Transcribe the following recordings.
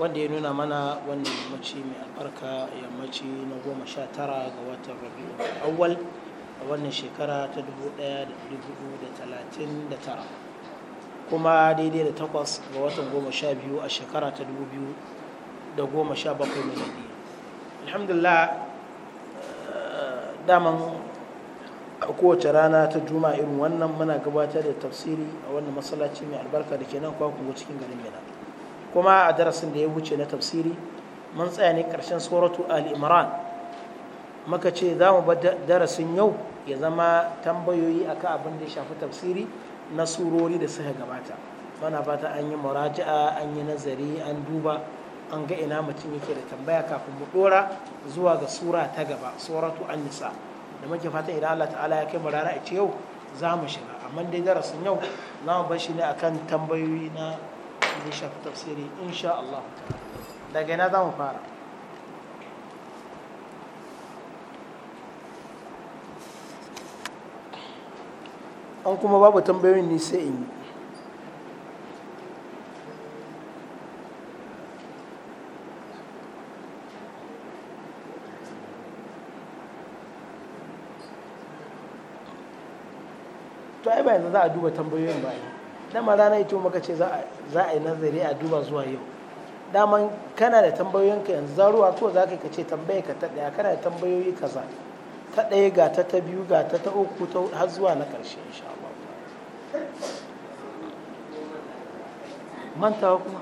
wanda ya nuna mana wannan yammaci mai albarka yammaci na goma sha tara ga watan rabi'u awwal a wannan shekara ta dubu dubu da da da talatin tara kuma daidai da takwas ga watan goma sha biyu a shekara ta dubu biyu da goma sha mai miladi alhamdulillah eh, daman a kowace rana ta juma'a irin wannan muna gabatar da tafsiri a wannan masallaci mai albarka da ke nan kwakwungo cikin garin mina kuma a darasin da ya wuce na tafsiri mun tsaya ne ƙarshen suratu al-imran muka ce za mu bar darasin yau ya zama tambayoyi akan abin da ya shafi tafsiri na surori da suka gabata mana fata an yi muraja'a an yi nazari an duba an ga ina mutum yake da tambaya kafin mu dora zuwa ga sura ta gaba suratu an-nisa da muke fata idan Allah ta'ala ya kai mu rana a ce yau za mu shiga amma dai darasin yau za mu bar shi ne akan tambayoyi na zai shafi tafsiri insha Allah daga ina za mu fara an kuma babu tambayoyin ni sai in yi to ai ba yanzu za a duba tambayoyin ba dama rana ito maka ce za a yi nazari a duba zuwa yau daman kana da tambayoyin ka yanzu zaruwa ko za ka ce tambaye ka ta ɗaya kana da tambayoyi kaza ta ɗaya ga ta ta biyu ga ta ta uku ta har zuwa na ƙarshe insha Allah mantawa kuma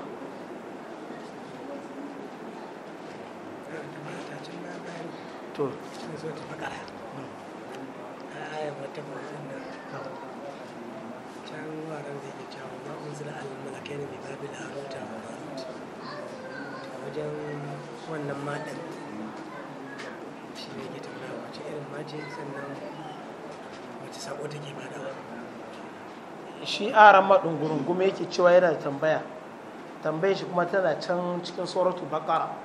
to can wuraren da yake cewa ma unzila al-malakai ne babil babu wa marut a wajen wannan maɗin shi ne ke tambaya wace irin mace sannan wace sako take badawa shi aran maɗin gurin kuma yake cewa yana tambaya tambayar shi kuma tana can cikin tsoratu bakara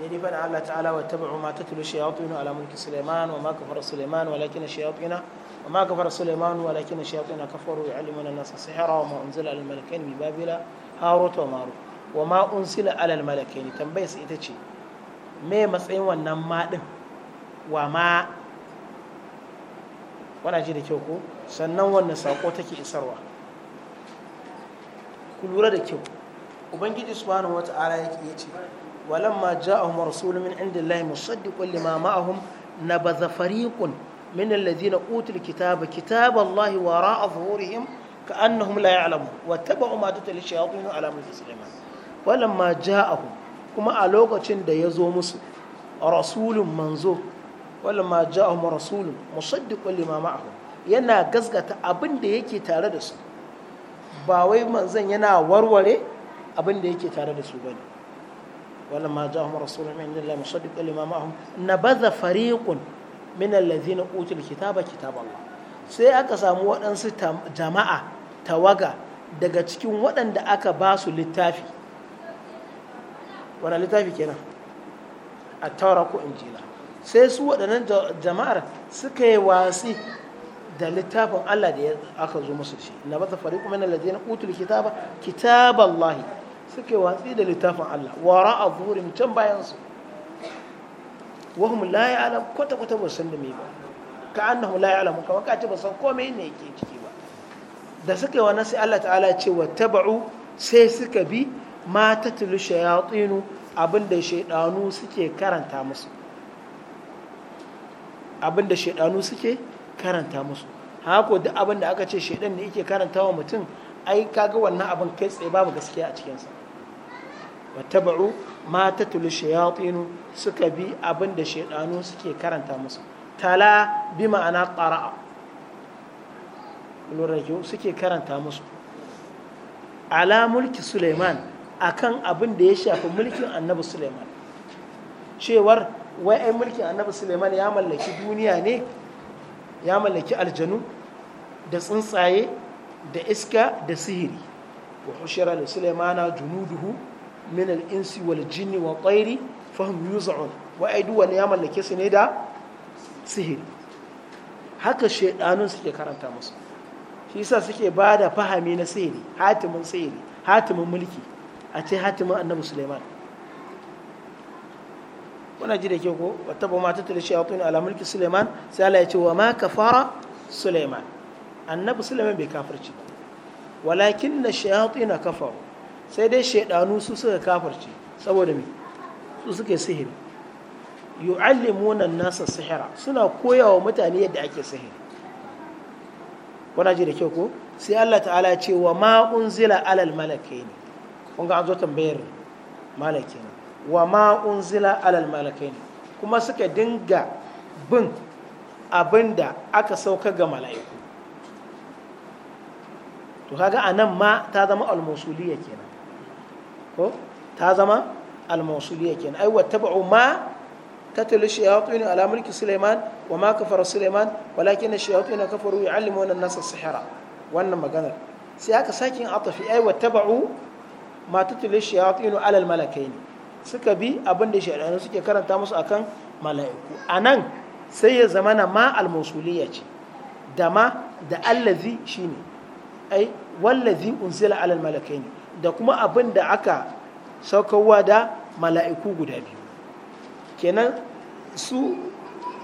ni fada Allah ta'ala wa tabi'u ma tatlu shayatinu ala mulki Sulaiman wa ma kafara Sulaiman walakin shayatina wa ma kafara Sulaiman walakin shayatina kafaru yu'allimuna an-nasa sihra wa ma unzila al-malakaini bi babila harut wa marut wa ma unzila ala al-malakaini tambayar ita ce me matsayin wannan ma din wa ma wana ji da kyau ko sannan wannan sako take isarwa ku lura da kyau ubangiji subhanahu wata'ala yake yace ولما جاءهم رسول من عند الله مصدق لما معهم نبذ فريق من الذين أوتوا الكتاب كتاب الله وراء ظهورهم كأنهم لا يعلمون واتبعوا ما تتلي الشياطين على ملك سليمان ولما جاءهم كما ألوغة يزو مسلم رسول منزو ولما جاءهم رسول مصدق لما معهم yana gasgata abin da yake tare da su ba wai manzon yana warware abin da yake tare da su bane ولما جاءهم رسول من عند الله مصدق لما معهم نبذ فريق من الذين اوتوا الكتاب كتاب الله sai aka samu waɗansu jama'a tawaga daga cikin waɗanda aka ba su littafi wani littafi kenan a taura ko injila sai su waɗannan jama'ar suka yi watsi da littafin allah da aka zo musu shi na ba ta fari kuma na lajiyar utul kitaba kitaballahi suke watsi da littafin Allah wa ra'a zuhurin can bayansu wahum la ya'lam kwata kwata ba san da me ba ka annahu la ya'lamu kamar ka ce ba san komai ne yake ciki ba da suke yi wannan sai Allah ta'ala ce wa taba'u sai suka bi ma tatlu shayatin abinda shaydanu suke karanta musu abinda shaydanu suke karanta musu hako duk abinda aka ce shaydan ne yake karantawa mutum ai kaga wannan abin kai tsaye babu gaskiya a cikinsa taba'u ma tatlu shayatinu suka bi abin da shaydanu suke karanta musu tala bi ma'ana qara'a Rajo suke karanta musu ala mulki suleiman akan abin da ya shafi mulkin annabi suleiman cewar wai ai mulkin annabi suleiman ya mallaki duniya ne ya mallaki aljanu da tsuntsaye da iska da sihiri wa hushara da sulaimana junuduhu min al-insi wal jinni wa tsairi fahim yuz'un wa aidu wani ya mallake su ne da sihiri haka shaidanun suke karanta musu shi yasa suke ba da fahami na sihiri hatimin sihiri hatimin mulki a ce hatimin annabi sulaiman Kuna ji da ke ko wata ba mata ta a shayatun ala mulki sulaiman sai Allah ya ce wa ma kafara suleiman annabi sulaiman bai kafirci ba walakin na na kafaru sai dai shaidanu su suka kafirci saboda mai su suke sihiri nan nasa sihira suna koyawa mutane yadda ake sihiri Wana ji da kyau ko sai Allah ta'ala ya ce wa ma unzila alal malakaini kun ga an zo tambayar ne wa ma unzila alal ne? kuma suka dinga bin abinda aka sauka ga mala'iku to kaga anan ma ta zama al kenan ko ta zama al kenan ai wattaba'u ma ta tuli تتلو الشياطين على suleiman سليمان وما كفر سليمان ولكن الشياطين كفروا يعلمون الناس السحر wannan maganar sai aka sakin atafi ai wattaba'u ma ta tatlu shayatin ala al malakaini suka bi abin da shaytanu suke karanta musu akan mala'iku anan sai ya zamana ma al ce da ma da allazi shine ai wallazi unsila alal malakaini da kuma abin da aka saukowa da mala'iku guda biyu kenan su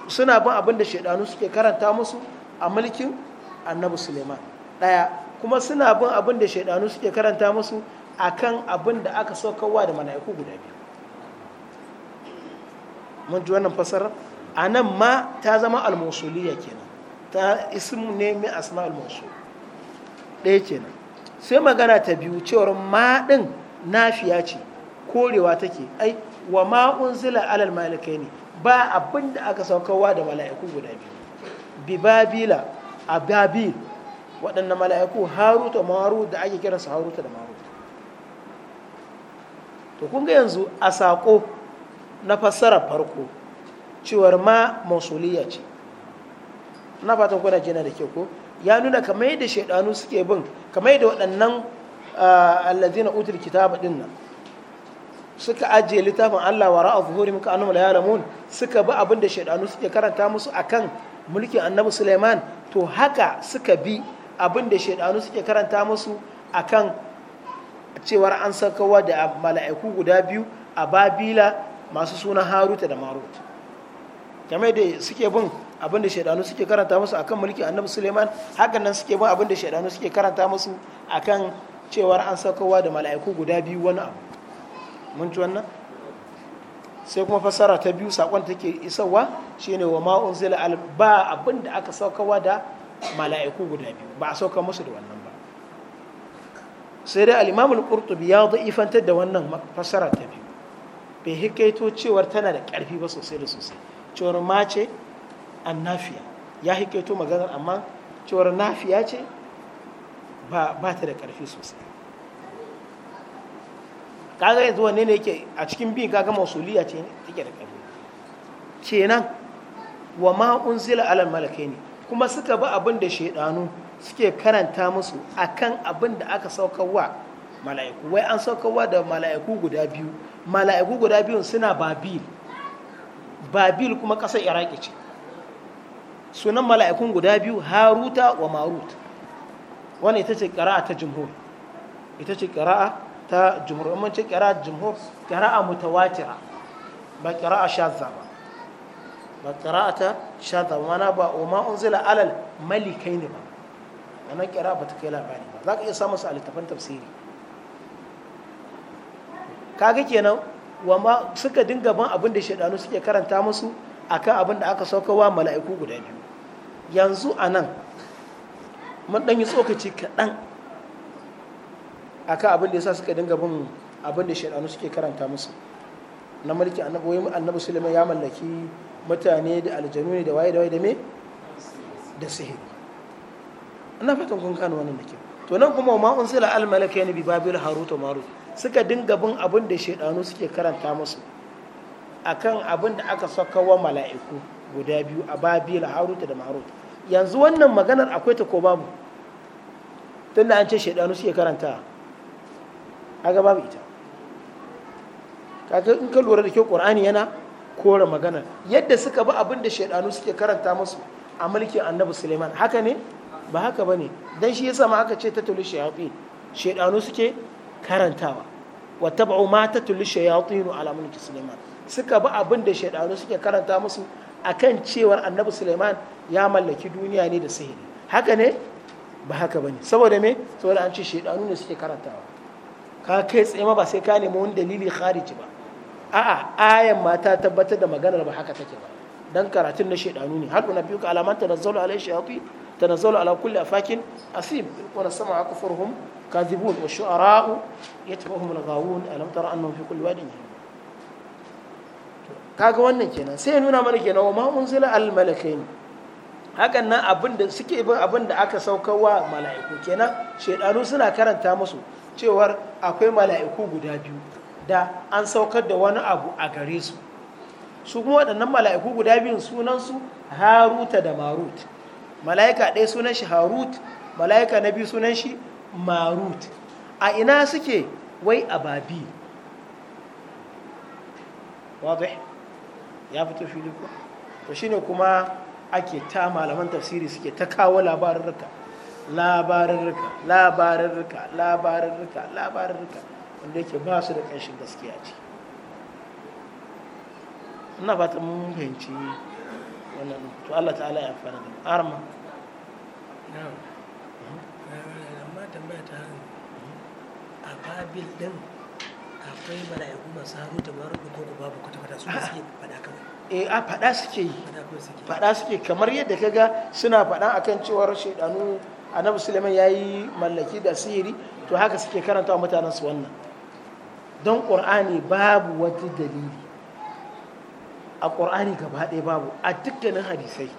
suna bin abin da shaidanu suke karanta musu a mulkin annabi suleiman ɗaya kuma suna bin abin da shaidanu suke karanta musu a kan abin da aka saukowa da mala'iku guda biyu mun ji wannan fasarar a nan ma ta zama almusuliya kenan ta ismu ne mai asma almusul ɗaya kenan sai magana ta biyu cewar maɗin ɗin nafiya ce korewa take ai wa ma unzila alal malikai ne ba abin da aka saukarwa da mala'iku guda biyu bi babila a babil waɗanda mala'iku haruta maru da ake kiransu haruta da maru to kunga yanzu a saƙo na fassara farko cewar ma mausuliya ce na fata kuna jina da ke ko ya nuna kamar yadda shaidanu suke bin kamar yadda waɗannan na utul kitaba din suka ajiye littafin Allah wa ra'a zuhuri ka annu la yalamun suka bi abin da shaidanu suke karanta musu akan mulkin annabi Sulaiman to haka suka bi abin da shaidanu suke karanta musu akan cewar an sakawa da mala'iku guda biyu a Babila masu sunan Haruta da Marut kamar da suke bin abin da shaidanu suke karanta musu akan mulki annabi suleiman hakan nan suke bin abin da shaidanu suke karanta musu akan cewar an saukowa da mala'iku guda biyu wani abu mun ci wannan sai kuma fassara ta biyu sakon take isarwa shine wa ma unzila al ba abin da aka saukowa da mala'iku guda biyu ba a sauka musu da wannan ba sai dai al-imam al-qurtubi ya da'ifantar da wannan fassara ta biyu bai hikaito cewar tana da ƙarfi ba sosai da sosai cewar mace an nafiya ya hikaito maganar amma cewar nafiya ce ba ta da ƙarfi sosai kaga yanzu wanne ne yake a cikin bin kaga mausuliya ce take da ƙarfi kenan wa ma unzila alal ne kuma suka bi abin da shaidanu suke karanta musu akan abin da aka saukarwa mala'iku wai an saukarwa da mala'iku guda biyu mala'iku guda biyun suna babil babil kuma ƙasar iraki ce sunan mala'ikun guda biyu haruta wa marut wani ita ce ƙara'a ta jimhur ita ce ƙara'a ta jimhur amma mun ce ƙara'a jimhur ƙara'a mutawatira ba ƙara'a shazza ba ba ƙara'a ta shazza mana ba o ma'un zila alal malikai ne ba wannan ƙara'a ba ta kai labari ba za ka iya samun su a littafin tafsiri kaga kenan wa ma suka dinga ban abin da shaidanu suke karanta musu akan abin da aka saukowa mala'iku guda biyu yanzu a nan mun ɗan yi tsokaci kaɗan akan abin da ya sa suka dinga bin abin da shaɗanu suke karanta musu na mulki annabi annabi suleiman ya mallaki mutane da aljanu ne da waye da waye da me da sihiri ina fatan kun kano wannan nake to nan kuma ma unsila al malakaini bi babil harut wa marut suka dinga bin abin da shaidanu suke karanta musu akan abin da aka saka wa mala'iku guda biyu a babil haruta da marut yanzu wannan maganar akwai ta ko babu da an ce shaidanu suke karanta ga babu ita kaga in ka lura da kyau qur'ani yana kore maganar yadda suka bi abin da shaidanu suke karanta musu a mulkin annabi suleiman haka ne ba haka bane dan shi yasa ma aka ce tatul shayatin shaidanu suke karantawa wa tab'u ma tatul shayatin ala mulki suleiman suka bi abin da shaidanu suke karanta musu akan cewar annabi suleiman ya mallaki duniya ne da sihiri haka ne ba haka bane saboda me saboda an ce shaidanu ne suke karantawa ka kai tsaye ma ba sai ka nemi wani dalili khariji ba a'a ayan ma ta tabbatar da maganar ba haka take ba dan karatun na shaidanu ne biyu ka alaman tanazzalu alai shayatin tanazzalu ala kulli afakin asim wa sama kufurhum kadhibun wa shu'ara'u yatbahum al alam tara annahum fi kulli wadin kaga wannan kenan sai ya nuna mana kenan wa ma unzila al malakaini hakan nan abin suke bin abin da aka saukarwa mala'iku kenan shedanu suna karanta musu cewar akwai mala'iku guda biyu da an saukar da wani abu a gare su su kuma waɗannan mala'iku guda biyun sunansu haruta da marut mala'ika ɗaya sunan shi harut mala'ika na biyu sunan shi marut a ina suke wai ababi wadih ya fito fili ko to shine kuma ake ta malaman tafsiri suke ta kawo labarurruka labarurruka labarurruka labarurruka labarurruka wanda yake ba su da ƙanshin gaskiya ce ina fata mun fahimci wannan to Allah ta'ala ya fara da arma na'am mhm. eh, amma tambaya ta a babil din akwai mala'iku masu da babu suke kawai eh a faɗa suke yi faɗa suke kamar yadda ka ga suna faɗa akan cewar shaidanu annabi suleiman ya yi mallaki da sihiri to haka suke karanta wa mutanen su wannan don ƙur'ani babu wata dalili a qur'ani gaba ɗaya babu a dukkanin hadisai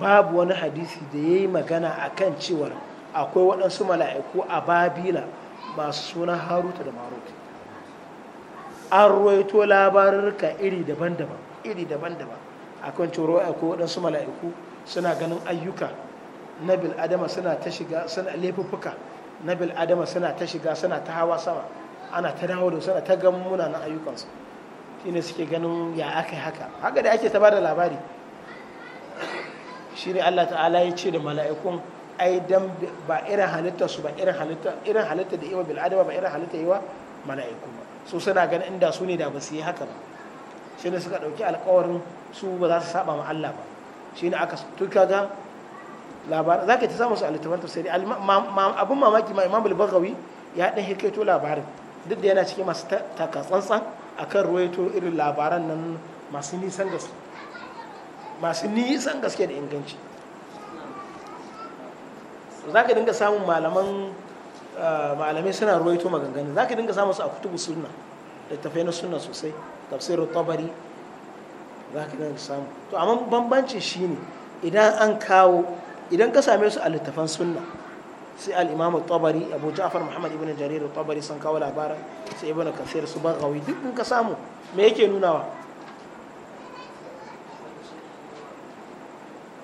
babu wani hadisi da ya yi magana a kan cewar akwai waɗansu mala'iku a babila masu suna haruta da maruta an roito labarurka iri daban-daban iri daban-daban akan coro ko waɗansu mala'iku suna ganin ayyuka na bil'adama suna ta shiga suna laifuffuka na bil'adama suna ta shiga suna ta hawa sama ana ta dawo da suna ta ganin munanan ayyukansu Shi ne suke ganin ya aka haka haka da ake ta da labari Shi ne Allah ta'ala ya ce da mala'ikun ai dan ba irin halittarsu ba irin halitta da iwa bil'adama ba irin halitta wa? mala'iku so suna ganin inda su ne da ba su yi haka ba shi ne suka ɗauki alkawarin su ba za su saba ma Allah ba shi ne aka tuka ga labarin za ka ta samu su a littafin tafsiri abin mamaki ma imam bulbagawi ya ɗan hikaito labarin duk da yana cikin masu takatsantsan a kan ruwaito irin labaran nan masu nisan gaske masu nisan gaske da inganci za ka dinga samun malaman Ah, malamai suna ruwaito maganganu za ka dinga samun su a kutubu sunna littafai na sunna sosai tafsirin tabari za ka dinga samu to amma bambancin shi ne idan an kawo idan ka same su a littafan sunna sai al-imam tabari abu ja'far muhammad ibn jarir tabari sun kawo labarin sai ibn kasir su bagawi duk in ka samu me yake nunawa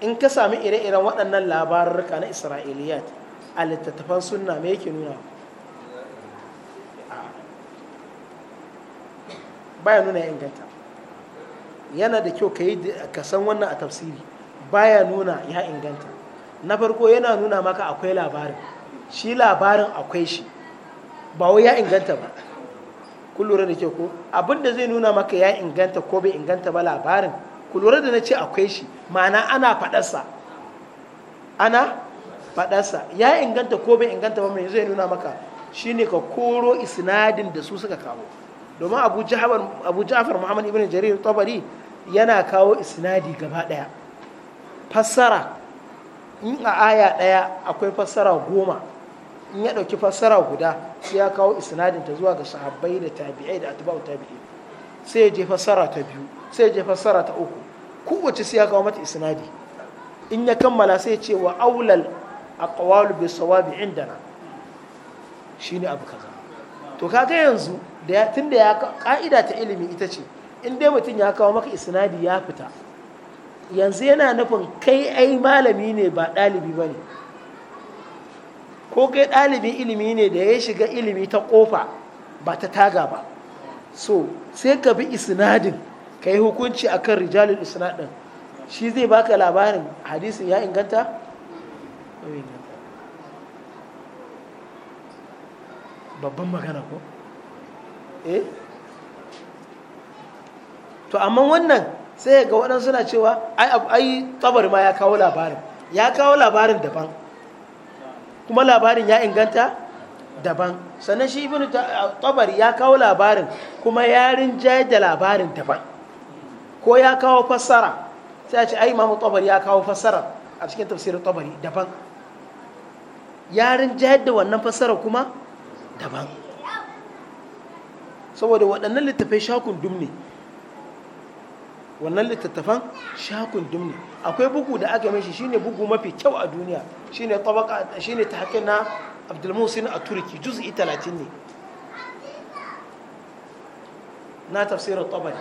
in ka sami ire-iren waɗannan labarurka na isra'iliyat a littattafan sunna me yake nuna baya nuna ya inganta yana da kyau ka yi san wannan a tafsiri baya nuna ya inganta na farko yana nuna maka akwai labarin shi labarin akwai shi ba wai ya inganta ba kun lura da ke ko abinda zai nuna maka ya inganta ko bai inganta ba labarin ku lura da na ce akwai shi ma'ana ana faɗarsa ana fadarsa ya inganta ko bai inganta ba mai zai nuna maka shine ka koro isnadin da su suka kawo domin abu ja'far muhammad ibn jarir tabari yana kawo isnadi gaba daya fassara in a aya daya akwai fassara goma in ya dauki fassara guda sai ya kawo isnadin ta zuwa ga sahabbai da tabi'ai da atba'u tabi'i sai ya je fassara ta biyu sai ya je fassara ta uku kowace sai ya kawo mata isnadi in ya kammala sai ya ce wa aulal aqwalu bis sawabi indana shine abu kaza to kaga yanzu da tunda ya ka'ida ta ilimi ita ce in dai mutum ya kawo maka isnadi ya fita yanzu yana nufin kai ai malami ne ba dalibi ba ne ko kai ɗalibin ilimi ne da ya shiga ilimi ta ƙofa ba ta taga ba so sai ka bi isnadin ka yi hukunci akan rijalul isnadin shi zai baka labarin hadisin ya inganta ƙauyen babban magana ko eh to amma wannan sai ga waɗansu suna cewa ai tsabar ma ya kawo labarin ya kawo labarin daban kuma labarin ya inganta daban sannan shi ibnu tsabar eh, ya kawo labarin kuma ya rinjaye da labarin daban ko ya kawo fassara sai a ce ai imamu tsabar ya kawo fassara a cikin tafsirin tabari daban yarin jihar da wannan fassara kuma daban saboda waɗannan littattafai shakun dum wannan littattafan shakun dumne akwai bugu da aka mishi shine bugu mafi kyau a duniya shine tabaka shine tahqiq na Abdul Musin a Turki juz'i 30 ne na tafsirin tabari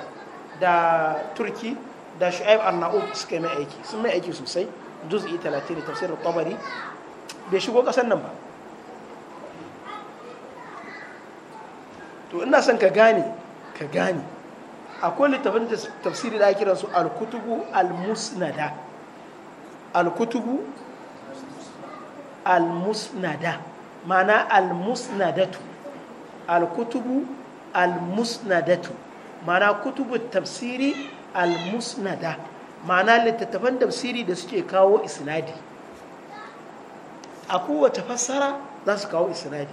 da Turki da Shu'aib Arnaud suka mai aiki sun mai aiki sosai juz'i 30 ne tafsirar tabari bai shigo ƙasar nan ba to ina son ka gane ka gane akwai littafin tafsiri da kiran su alkutubu almusnada alkutubu almusnada mana almusnadatu alkutubu almusnadatu ma'ana kutubu tafsiri almusnada mana littattafan tafsiri da suke kawo isnadi a kowace fassara za su kawo isnadi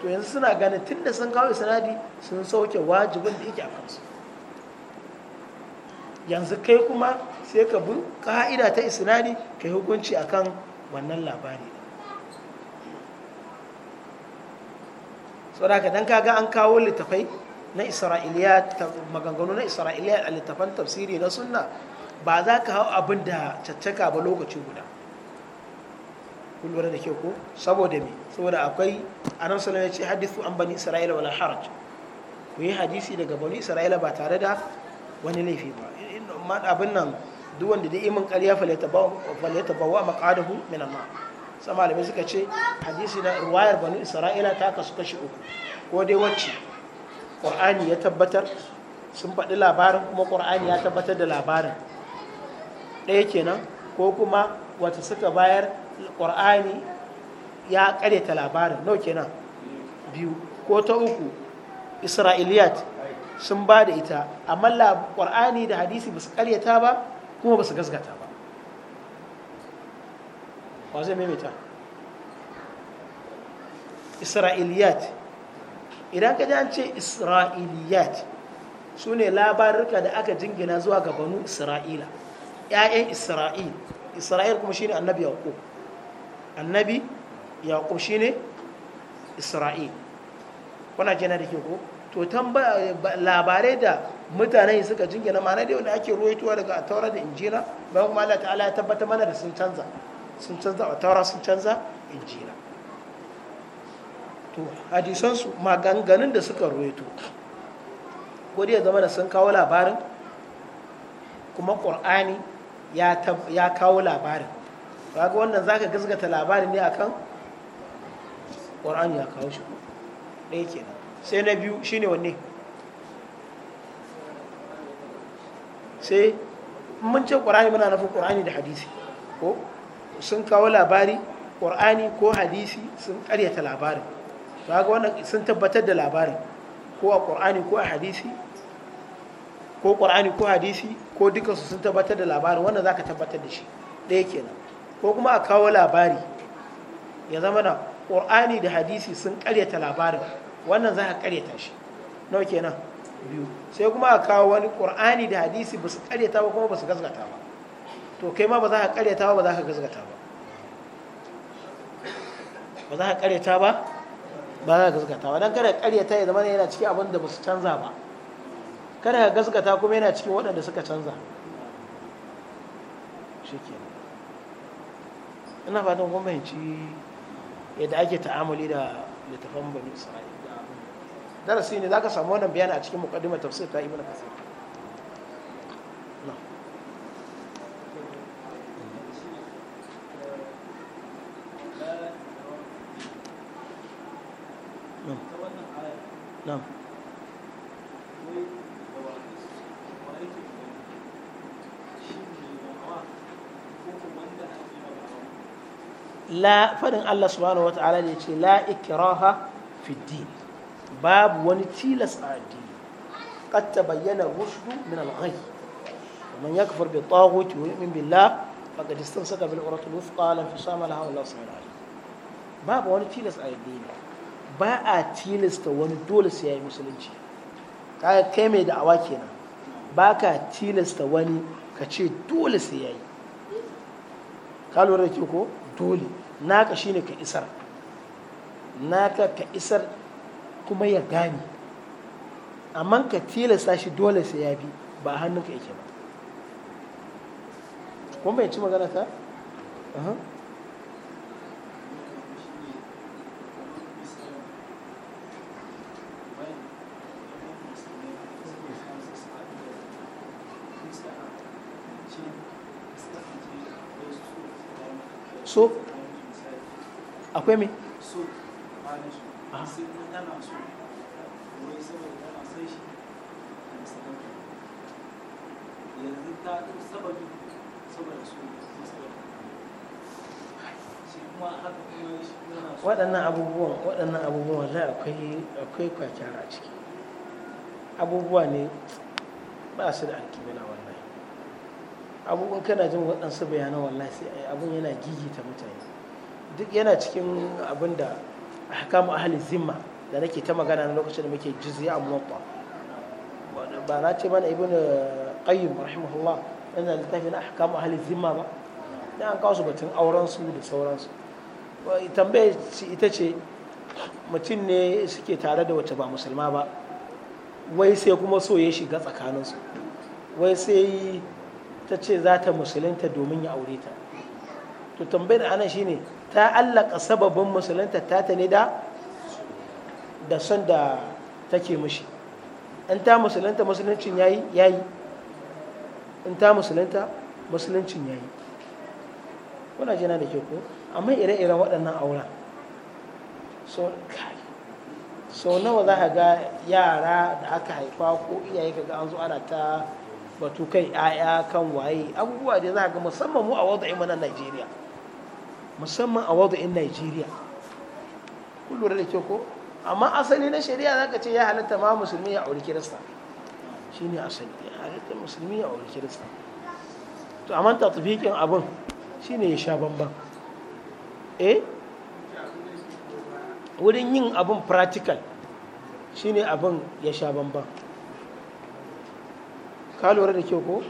to yanzu suna ganin tun da sun kawo isnadi sun sauke wajibin da yake a kansu yanzu kai kuma sai ka bi ka'ida ta isnadi ka yi hukunci a kan wannan labari saboda dan kaga an kawo littafai na isra'iliya maganganu na isra'iliya a littafan tafsiri na sunna ba za ka hau abin da caccaka ba lokaci guda kun da ke ko saboda me saboda akwai anan sallallahu ya ce hadithu an bani isra'ila wala haraj ku yi hadisi daga bani isra'ila ba tare da wani laifi ba Amma abin nan duk wanda da imin ƙarya falata bawa maqadahu min ma. sai malamai suka ce hadisi na ruwayar bani isra'ila ta kasu kashi uku ko dai wacce qur'ani ya tabbatar sun faɗi labarin kuma qur'ani ya tabbatar da labarin ɗaya kenan ko kuma wata suka bayar ƙur'ani ya ƙaryata labarin nau kenan biyu ko ta uku isra'iliyat sun ba da ita amma ƙur'ani da hadisi ba su ƙaryata ba kuma ba su gasgata ba zai maimaita isra'iliyat idan ka ji an ce isra'iliyat su ne labarurka da aka jingina zuwa ga isra'ila 'ya'yan isra'il isra'il kuma shi ne annabi yaqub annabi yaƙo shi ne isra'il kuna jina da ke ko to labarai da mutanen suka jingina ma'ana da da ake ruwaituwa daga taurar da injila bayan kuma Allah ta'ala ya tabbata mana da sun canza sun canza a taurar sun canza injila to hadisansu maganganun da suka ruwaito ko dai zama da sun kawo labarin kuma ƙur'ani ya kawo labarin kaga wannan zaka gaskata labarin ne akan qur'ani ya kawo shi ɗaya kenan sai na biyu shine wanne sai mun ce qur'ani muna nufin qur'ani da hadisi ko sun kawo labari qur'ani ko hadisi sun karyata labarin kaga wannan sun tabbatar da labarin ko a qur'ani ko a hadisi ko qur'ani ko hadisi ko dukansu sun tabbatar da labarin wannan zaka tabbatar da shi ɗaya kenan ko kuma a kawo labari ya zama na ƙorani da hadisi sun ƙaryata labarin wannan za a ƙaryata shi nawa kenan biyu sai kuma a kawo wani ƙorani da hadisi ba su ƙaryata ba kuma ba su gasgata ba to kai ma ba za a ƙaryata ba ba za ka gasgata ba ba za ka ƙaryata ba ba za ka gasgata ba don kada ƙaryata ya zama yana cikin abin da ba su canza ba kada ka gasgata kuma yana cikin waɗanda suka canza shi kenan ina fatan kun fahimci yadda ake ta'amuli da littafan bani isra'ila da abin darasi ne zaka samu wannan bayani a cikin muqaddimar tafsir ta ibnu kasir No. No. la fadin Allah subhanahu wata'ala ne ce la ikraha fi din babu wani tilas a addini qad tabayyana rushdu min al-ghayy man yakfur bi taghut wa yu'min billah faqad istamsaka bil urwatil wuthqa la infisama laha wa la babu wani tilas a addini ba a tilasta wani dole sai yayi musulunci kaga kai mai da'awa kenan ba ka tilasta wani ka ce dole sai yayi ka lura da ke ko dole naka shine ka isar naka ka isar kuma ya gane amma ka tilasta shi dole sai ya bi ba hannunka yake ba kuma bai ci magana ta? akwai me waɗannan abubuwan waɗannan abubuwan za akwai akwai kwakyara a ciki abubuwa ne ba su da alkibila wallahi abubuwan kana jin waɗansu bayanan wallahi sai abun yana gigita mutane duk yana cikin abin da ahkamu ahli zimma da nake ta magana na lokacin da muke jizya a muwatta ba na ce mana ibn qayyim rahimahullah yana littafi na ahkamu ahli zimma ba dan an kawo su batun auren da sauransu tambayar ita ce mutum ne suke tare da wacce ba musulma ba wai sai kuma so ya shiga tsakaninsu wai sai ta ce za ta musulunta domin ya aure ta to tambayar ana shine ta allaka sababin musulunta ta ta ne da da son da take mushi in ta musulunta musuluncin yayi yayi in ta musulunta musuluncin yayi kuna jina da ke ko amma ire-iren waɗannan auren so kai so nawa za ka ga yara da aka haifa ko iyaye ka ga an zo ana ta batu kai 'ya'ya kan waye abubuwa da za ka ga musamman mu a wadda imanin najeriya musamman a in Najeriya kun lura da kyau ko amma asali na shari'a za ka ce ya halatta ma musulmi ya auri kirista Shi ne asali ya halatta musulmi ya auri kirista to amma ta tafiƙin abin shi ne ya sha bamban eh wurin yin abin practical ne abin ya sha bamban ka lura da kyau ko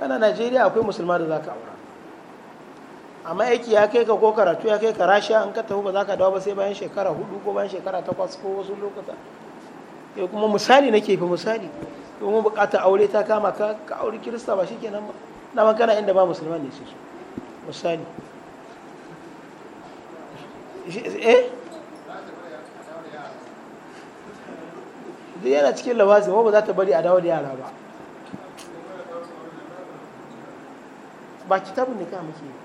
kana Najeriya akwai musulma da za ka aura amma aiki ya kai ka ko karatu ya kai ka rasha an ka tafi ba za ka dawo ba sai bayan shekara hudu ko bayan shekara takwas ko wasu lokuta ya eh, kuma misali na kefi misali domin bukatar aure ta kama ka ka aure kirista ba shikenan ba daman kana inda ba musulman ne su misali eh duk yana cikin lawazin ba za ta bari a dawo da yara ba ba kitabun ne ka ke yi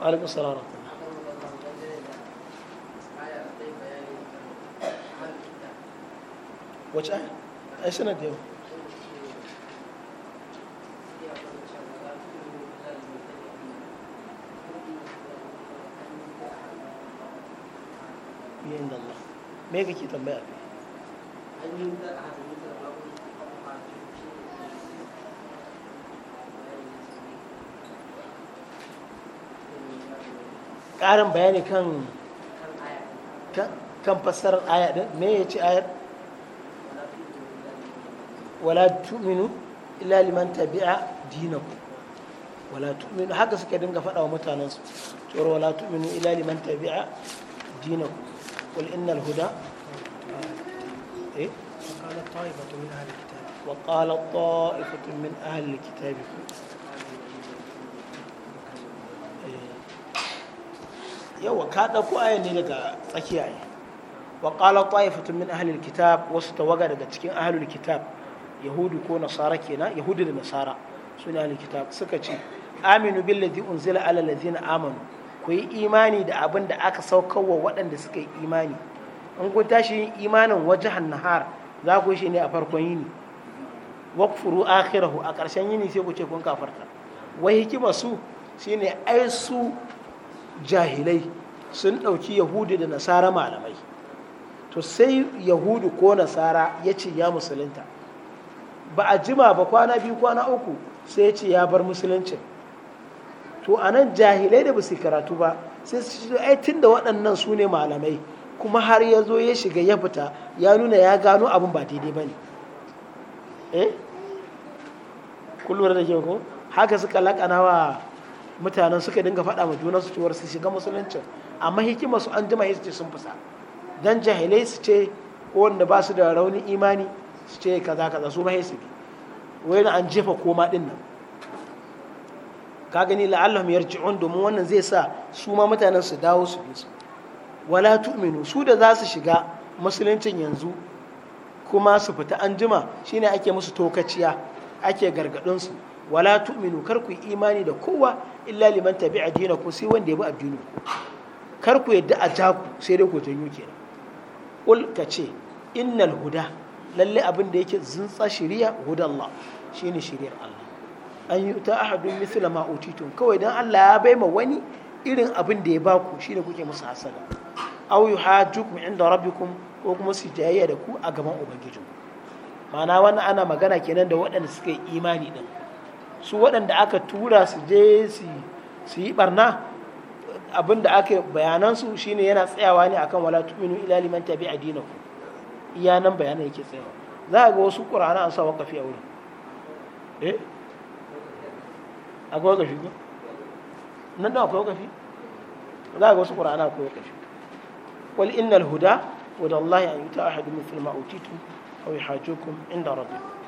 وعليكم السلام ورحمة الله وش آية؟ أي سنة ديو؟ بإذن الله ما يجي تنبأ به ƙarin bayani kan kan fassarar aya din me ya ce ayar wala tu'minu illa liman tabi'a dinakum wala tu'minu haka suka dinga faɗa wa mutanensu tsoro wala tu'minu illa liman tabi'a dinakum qul innal huda eh وقال طائفة من أهل الكتاب yawa ka ɗauko aya ne daga tsakiya ne wa qala ta'ifatun min ahalil kitab wasu tawaga daga cikin ahlul kitab yahudu ko nasara kenan yahudu da nasara su ne ahalil kitab suka ce aminu billadhi unzila ala alladhina amanu ku yi imani da abin da aka saukarwa waɗanda suka yi imani in kun tashi yin imanin wajen nahar za ku shi ne a farkon yini wakfuru akhirahu a ƙarshen yini sai ku ce kun kafarta wai hikimar su shine ai su jahilai sun ɗauki yahudu da nasara malamai to sai yahudu ko nasara ya ce ya musulunta ba a jima ba kwana biyu kwana uku sai ya ce ya bar musuluncin to a nan jahilai da ba karatu ba sai su ce ai tun da waɗannan su ne malamai kuma har ya zo ya shiga ya fita ya nuna ya gano abin ba daidai ba ne eh kullum da ke ko haka suka laƙana wa mutanen suka dinga faɗa ma juna su cewar su shiga musuluncin amma hikima su an jima ce sun fusa dan jahilai su ce wanda ba su da rauni imani su ce kaza kaza su ma su bi wai an jefa koma din nan ka gani la'allahum yarji'un domin wannan zai sa su ma mutanen su dawo su bi su wala tu'minu su da za su shiga musuluncin yanzu kuma su fita anjima shine ake musu tokaciya ake gargadin su wala tu'minu kar ku imani da kowa illa liman tabi'a dinakum sai wanda ya bi addinin kar ku yadda a ja ku sai dai ku janyo kenan ul ka ce innal huda lalle abin da yake zuntsa shari'a hudallah shine shari'ar Allah an yi ta ahadun mithla ma utitum kawai dan Allah ya ma wani irin abin da ya baku shine kuke musu hasada aw yuhajjukum inda rabbikum ko kuma su jayayya da ku a gaban ubangiji ma'ana wannan ana magana kenan da waɗanda suka yi imani din su waɗanda aka tura su je su yi barna abin da aka bayanansu shine yana tsayawa ne akan wala tu'minu ila liman tabi adinakum iya nan bayanan yake tsayawa za ga wasu qur'ana an sa waqafi a wurin eh akwai waqafi ko nan da akwai waqafi za ga wasu qur'ana akwai waqafi wal innal huda dallahi an yuta ahadun mithla ma utitum aw yahajukum inda rabbikum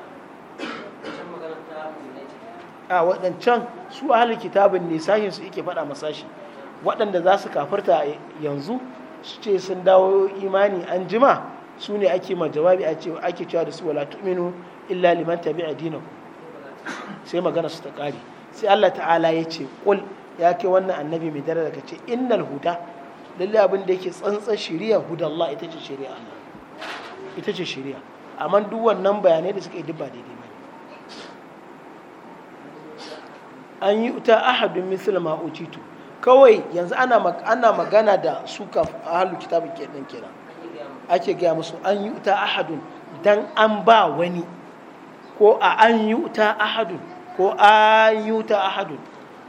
a waɗancan su ahalin kitabin ne sashen su yake faɗa masashi waɗanda za su kafarta yanzu su ce sun dawo imani an jima su ne ake ma jawabi a cewa ake cewa da su wala tu'minu illa liman tabi'a ku sai magana su ta ƙare sai Allah ta'ala ya ce ƙul ya kai wannan annabi mai dare daga ce innal huda lalle abin da yake tsantsan shari'a hudallah ita ce shari'a Allah ita ce shari'a amma duk wannan bayanai da suka yi dubba daidai an yi uta ahadun misal ma utitu kawai yanzu ana magana da su ka ahlul kenan kenan ake gaya musu an yi uta ahadun dan an ba wani ko a an yi uta ahadun ko an yi uta ahadun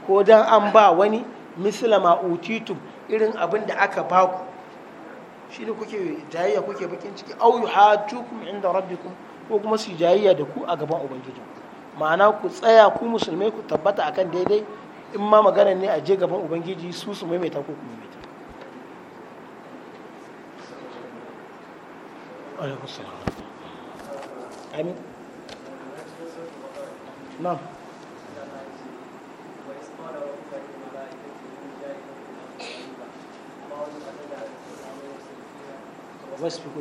ko dan an ba wani misal ma utitu irin abin da aka ba ku shi ne kuke jayayya kuke bakin ciki au yuhajjukum inda rabbikum ko kuma su jayayya da ku a gaban ubangijinku ma'ana ku tsaya ku musulmai ku tabbata akan daidai in ma magana ne a je gaban ubangiji su su maimaita ko ku maimaita amin wasu fi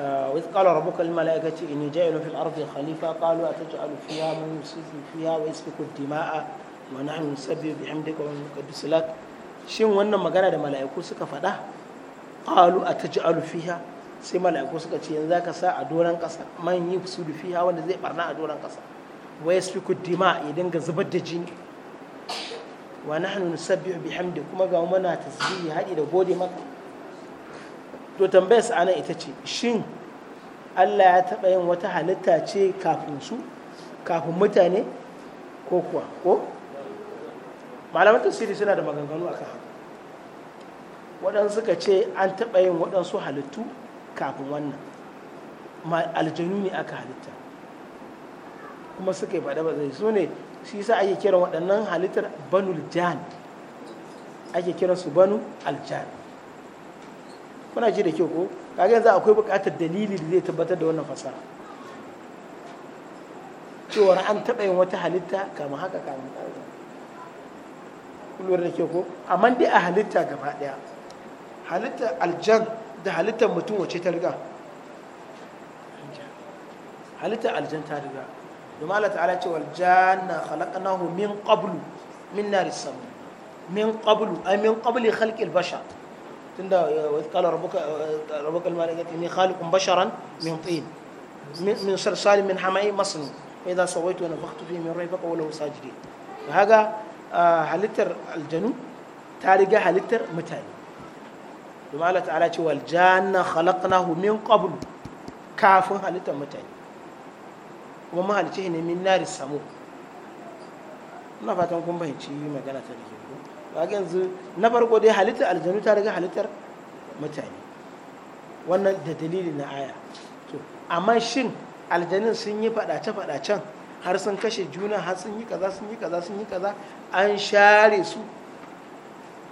وإذ قال ربك للملائكة إني جاعل في الأرض خليفة قالوا أتجعل فيها من يفسد فيها ويسفك الدماء ونحن نسبح بحمدك ونقدس لك shin wannan magana da mala'iku suka faɗa qalu ataj'alu fiha sai mala'iku suka ce yanzu zaka sa a doran ƙasa man yi fusudu fiha wanda zai barna a doran ƙasa wa yasfiku dima ya dinga zubar da jini wa nahnu nusabbihu kuma ga muna tasbihi haɗi da gode to tambayar sa anan ita ce shin Allah ya taɓa yin wata halitta ce kafin su kafin mutane ko kuwa ko malaman tafsiri suna da maganganu akan haka waɗansu suka ce an taɓa yin waɗansu halittu kafin wannan aljanu ne aka halitta kuma suka yi faɗa ba zai su ne shi sa ake kiran waɗannan halittar banul jan ake kiransu banu aljan kuna ji da kyau ko kaga yanzu akwai buƙatar dalili da zai tabbatar da wannan fasaha cewar an taɓa yin wata halitta kama haka kama kullum da kyau ko amma dai a halitta gaba ɗaya halitta aljan da halittar mutum wace ta riga halitta aljan ta riga domin Allah ta'ala ce wal janna khalaqnahu min qablu min nari samu min qablu ay min qabli khalqil bashar تندى وإذ قال ربك ربك الملائكة إني خالق بشرا من طين من صلصال من حمائي مصنع فإذا سويت ونفخت فيه من روحي فقول له ساجدي هذا هلتر الجنو تارجع هلتر متاني بما الله تعالى تقول خلقناه من قبل كاف هلتر متاني وما هلتهن من نار السموم نفاتهم كم بهن ما كانت تريد kaga yanzu na farko dai halittar aljanu ta riga halittar mutane wannan da dalili na aya to amma shin aljanin sun yi fadace fadacen har sun kashe juna har sun yi kaza sun yi kaza sun yi kaza an share su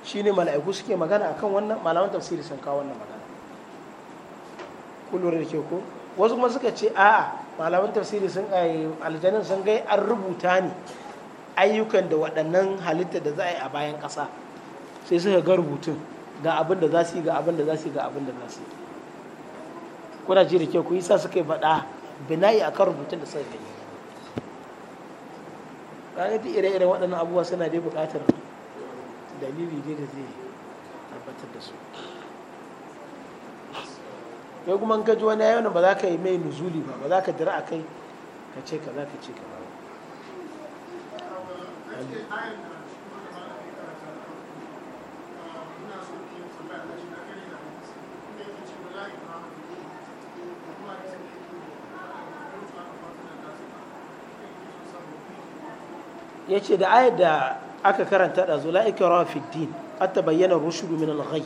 shine mala'iku suke magana akan wannan malaman tafsiri sun kawo wannan magana kullum da ke ko wasu kuma suka ce a'a malaman tafsiri sun eh, aljanin sun gai an rubuta ne ayyukan da waɗannan halitta da za a yi a bayan ƙasa sai suka ga rubutun ga abin da za su yi ga abin da za su yi ga abin da za su yi kuna ji da kyau ku yi sa suka yi faɗa a akan rubutun da suka gani kaga duk ire-iren waɗannan abubuwa suna dai buƙatar dalili ne da zai tabbatar da su kai kuma in ka ji wani yayin ba za ka yi mai nuzuli ba ba za ka dira a kai ka ce ka za ka ce ka ba ya ce da ayat da aka karanta da zula ikira fi din hatta bayyana rushudu min al-ghayy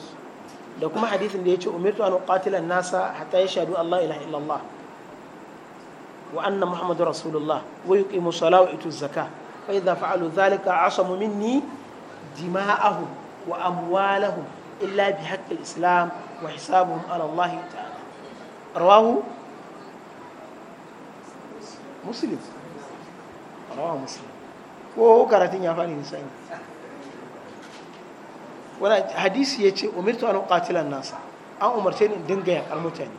da kuma hadisin da yace umirtu an uqatila nasa hatta yashhadu Allah ilaha illallah wa anna muhammadar rasulullah wa yuqimu salata wa yutu zakah fa idza fa'alu dhalika asamu minni dima'ahum wa amwalahum illa bi islam wa hisabuhum ala Allah ta'ala muslim rawahu karatun ya fara yin sani hadisi ya ce umirtu an qatilan nasa an umarce ni dinga yakar mutane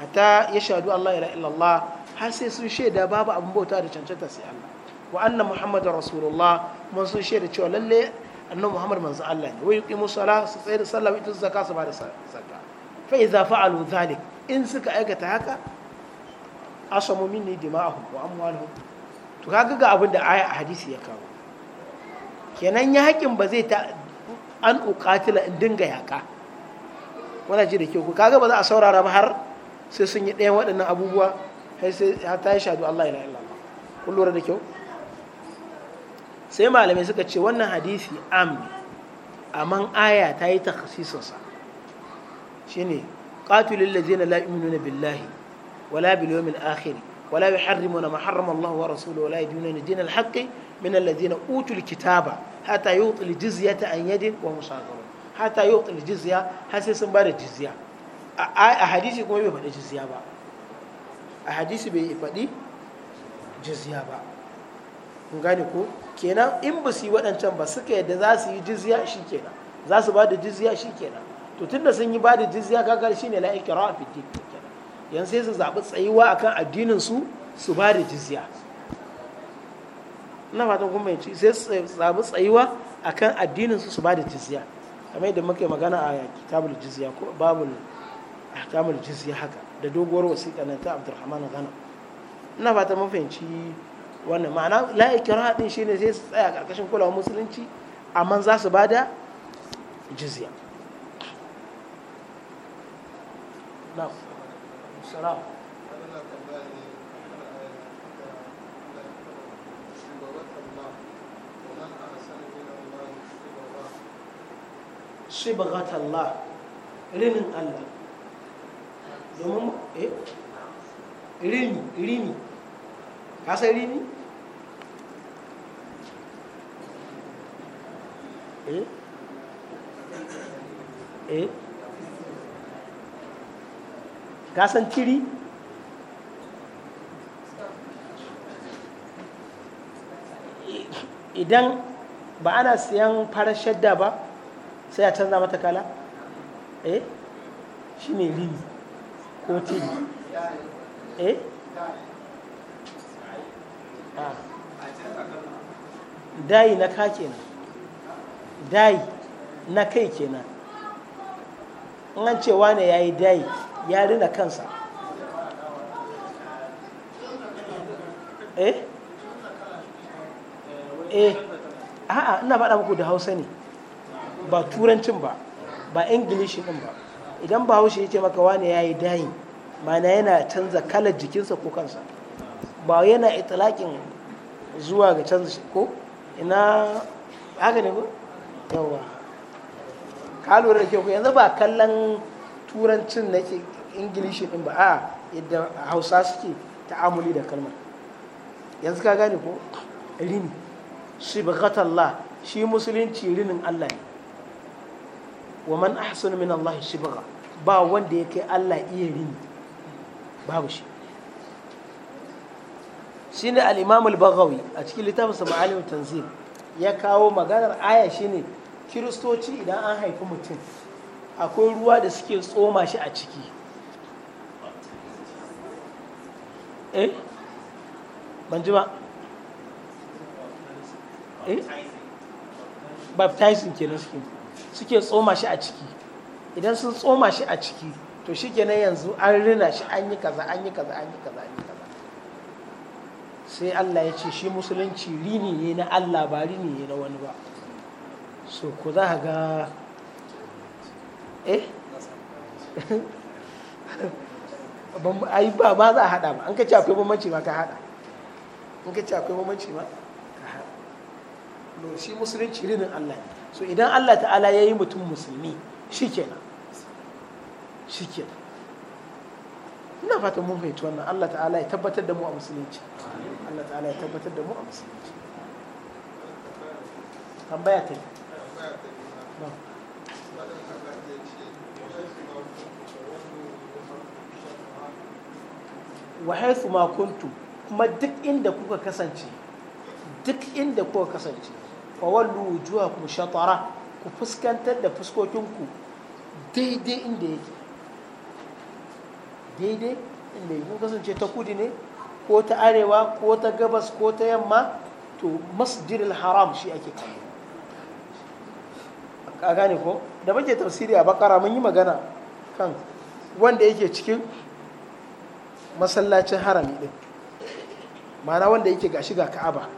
hatta ya shahadu Allah ila illallah har sai sun shaida babu abin bauta da cancanta sai Allah wa anna muhammadar rasulullah mun sun shaida cewa lalle annabi muhammad manzo Allah ne wa yuqimu sala su tsaye da sallah ita zakka su ba da zakka fa idza fa'alu dhalik in suka aikata haka asamu minni dima'ahum wa amwaluhum to kaga ga abin da aya a hadisi ya kawo kenan ya hakin ba zai ta an uqatila in dinga yaka wannan ji da ke ku kaga ba za a saurara ba har sai sun yi ɗayan waɗannan abubuwa sai ta yi shahadu Allah ila illa kun lura da kyau sai malamai suka ce wannan hadisi am amma aya ta yi takhsisinsa shine qatilul ladzina la na billahi wala bil yawmil akhir ولا يحرمون ما حرم الله ورسوله ولا يدينون دين الحق من الذين اوتوا الكتاب حتى يعطي الجزيه yadin wa وهم صاغرون حتى يعطي الجزيه har sai sun bada jizya a hadisi kuma bai faɗi jizya ba a hadisi bai faɗi jizya ba kun gane ko kenan in ba su yi waɗancan ba suka yadda za su yi jizya shi kenan za su ba da jizya shi kenan to tunda sun yi ba da jizya kaga shi ne la'ikira a fiti kenan yan sai su zaɓi tsayuwa a addinin su su ba da jizya ina fatan kun bayanci sai su zaɓi tsayuwa a addinin su su ba da jizya kamar yadda yi magana a kitabul jizya ko babul ahkamul jizya haka da doguwar wasiƙa na ta abdurrahman ghana ina fatan mun fahimci wannan ma'ana la ikra din shine sai su tsaya karkashin kulawar musulunci amma za su bada jizya na'am rinin Allah domin eh? rini rini ka san eh eh ka san ciri idan ba ana siyan farar shadda ba sai a canza mata kala eh shi ne rini ko tiri eh dayi na ka kenan dayi na kai kenan in an cewa wane ya yi dayi ya rina kansa eh eh a'a ina faɗa muku da hausa ne ba turancin ba ba ingilishin din ba idan ba haushe ya ce maka wane ya yi dayi mana yana canza kalar jikinsa ko kansa ba yana italakin zuwa ga canza shi ko ina haka ne ba yawa da kyau yanzu ba kallon turancin na ke ingilishi din ba a yadda hausa suke ta'amuli da kalmar yanzu ka gane ko rini shi shi musulunci rinin Allah ne wa man ahsanu min Allah shibgha ba wanda ya kai Allah iya rini babu shi shine al-imam al-baghawi a cikin littafinsa ma'alim tanzil ya kawo maganar aya shine kiristoci idan an haifi mutum akwai ruwa da suke tsoma shi a ciki eh ban ji ba eh baptizing kenan suke suke tsoma shi a ciki idan sun tsoma shi a ciki to shi kenan yanzu an rina shi an yi kaza an yi kaza an yi kaza an yi kaza sai Allah ya ce shi musulunci rini ne na Allah ba rini ne na wani ba so ku za a ga eh ai ba ba za a hada ba an ka ce akwai bambanci ma ka hada An ka ce akwai bambanci ma ka hada no shi musulunci rinin Allah ne so idan Allah ta'ala ya yi mutum musulmi shikenan shikenan ina fatan mun fahimci wannan Allah ta'ala ya tabbatar da mu a musulunci Allah ta'ala ya tabbatar da mu a musulunci tambaya ta wa haithu ma kuntu kuma duk inda kuka kasance duk inda kuka kasance fa wallu wujuhakum shatara ku fuskantar da fuskokinku daidai inda yake daidai inda yake kun kasance ta kudi ne ko ta arewa ko ta gabas ko ta yamma to masjidil haram shi ake kallo a gane ko da muke tafsiri a bakara mun yi magana kan wanda yake cikin masallacin harami din ma'ana wanda yake gashi ga ka'aba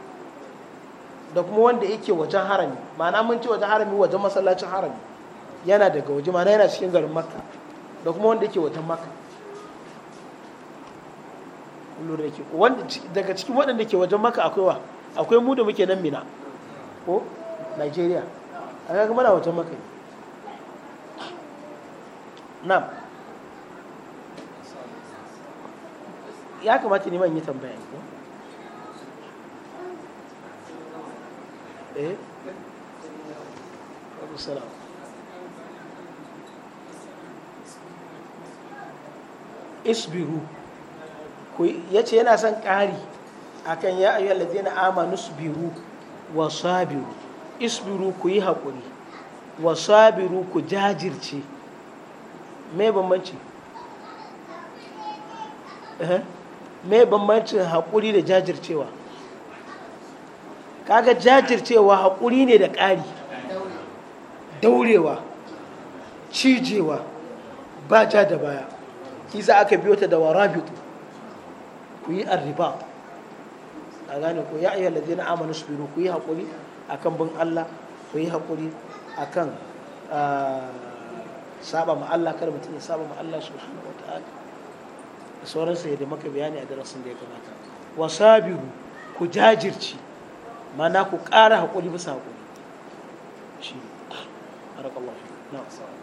da kuma wanda yake wajen harami ma'ana mun ce wajen harami wajen masallacin harami yana daga waje ma'ana yana cikin garin makka da kuma wanda yake wajen makka lura ke daga cikin waɗanda ke wajen maka akwai wa akwai mu da muke nan mina ko nigeria a kaga mana wajen maka ne na ya kamata ne man yi tambaya ko eh salam isbiru ya ce yana son ƙari akan ya da zina amanu biru wa sabiru isbiru ku yi haƙuri wa sabiru ku jajirce mai bambanci eh, mai bambancin haƙuri da jajircewa kaga jajircewa haƙuri ne da ƙari daurewa cijewa ba ja da baya kisa aka biyo ta da warabitu ku yi arriba a gane ko ya ayyuhal ladina amanu subiru ku yi hakuri akan bin Allah ku yi hakuri akan saba ma Allah kar mutum ya saba ma Allah subhanahu wataala da sauransa ya da maka bayani a darasin da ya kamata wasabihu ku jajirci mana ku ƙara hakuri bisa hakuri shi barakallahu na'am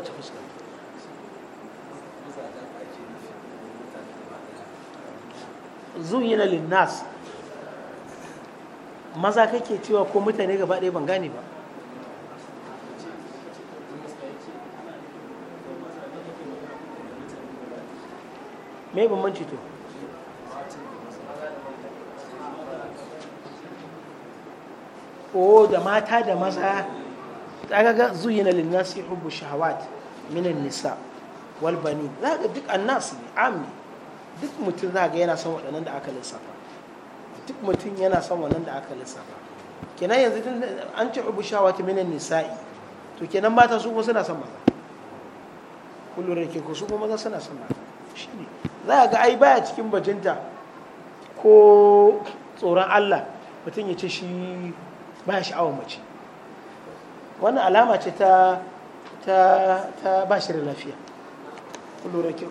wace fuska zuyina linnas maza kake cewa ko mutane gaba ɗaya ban gane ba me bambanci to o oh, da mata da maza ga zuyina lin nasi hubbu shahawat min nisa wal za zaka duk annas ne amni duk mutum zaka yana son waɗannan da aka lissafa duk mutum yana son wannan da aka lissafa kenan yanzu an ce hubbu shahawat min nisa'i to kenan mata su kuma suna son maza kullu rake ko su kuma maza suna son mata shine za ga ai baya cikin bajinta ko tsoron Allah mutum ya ce shi baya sha'awar mace wannan alama ce ta ta ba shi da lafiya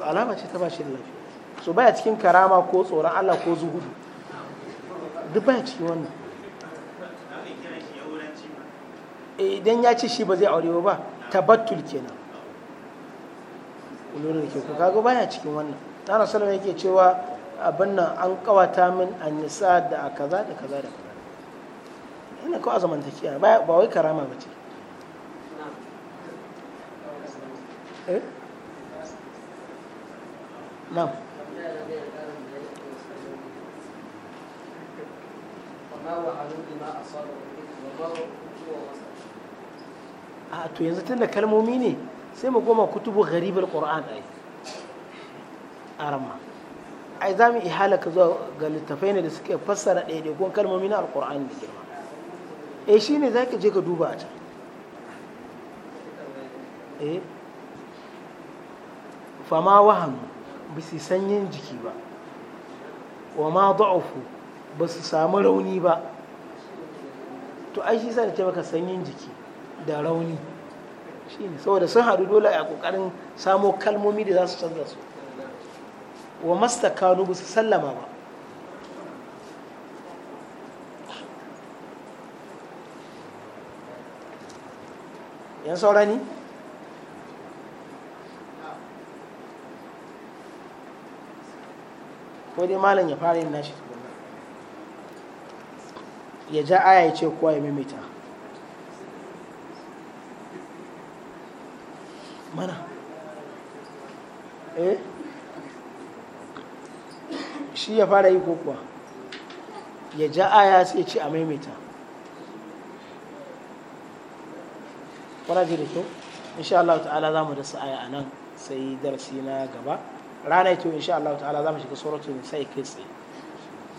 alama ce ta ba shi da lafiya so baya cikin karama ko tsoron Allah ko zuhudu duk baya cikin wannan eh, idan ya ce shi ba zai aure ba tabattul kenan lura ke ku kaga baya cikin wannan tsara salama yake cewa abin nan an kawata min an nisa da kaza da kaza da kaza ina kawai zamantakiya ba wai karama ba ce eh na a to yanzu tun da kalmomi ne sai mu goma kutubu gharibul qur'an ai arama ai za mu ihalaka zuwa ga littattafai ne da suke fassara ɗaiɗaikun kalmomi na alƙur'ani da girma eh shi ne za ka je ka duba a can eh? fama wahanu ba su sanyin jiki ba wa ma da'ufu ba su samu rauni ba to ai shi sai ce maka sanyin jiki da rauni shi ne saboda sun haɗu dole a ƙoƙarin samo kalmomi da za su canza su wa mastakanu ba su sallama ba yan saurani ko dai malam ya fara yin nashi ya ja aya ya ce kowa ya maimaita mana eh shi ya fara yi ko kuwa ya ja aya sai ya ce a maimaita kwana da kyau insha Allah ta'ala za mu dasa aya a nan sai darasi na gaba rana to insha Allah ta'ala za mu shiga suratul nisa'i kai tsaye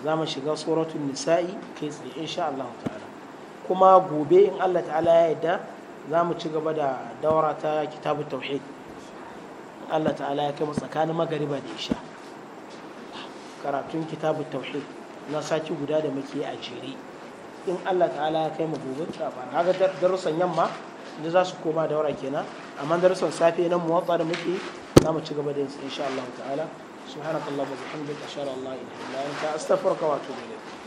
za mu shiga suratul nisa'i kai tsaye insha Allah ta'ala kuma gobe in Allah ta'ala ya yarda za mu ci gaba da daura ta kitabu tauhid Allah ta'ala ya kai mu tsakanin magariba da isha karatun kitabu tauhid na saki guda da muke a jere in Allah ta'ala ya kai mu gobe ta ba ga darussan yamma da za su koma daura kenan amma darussan safe nan muwatta da muke نامت شكبا إن شاء الله تعالى سبحانك الله وبحمدك أشار الله إليك أنت أستغفرك وأتوب إليك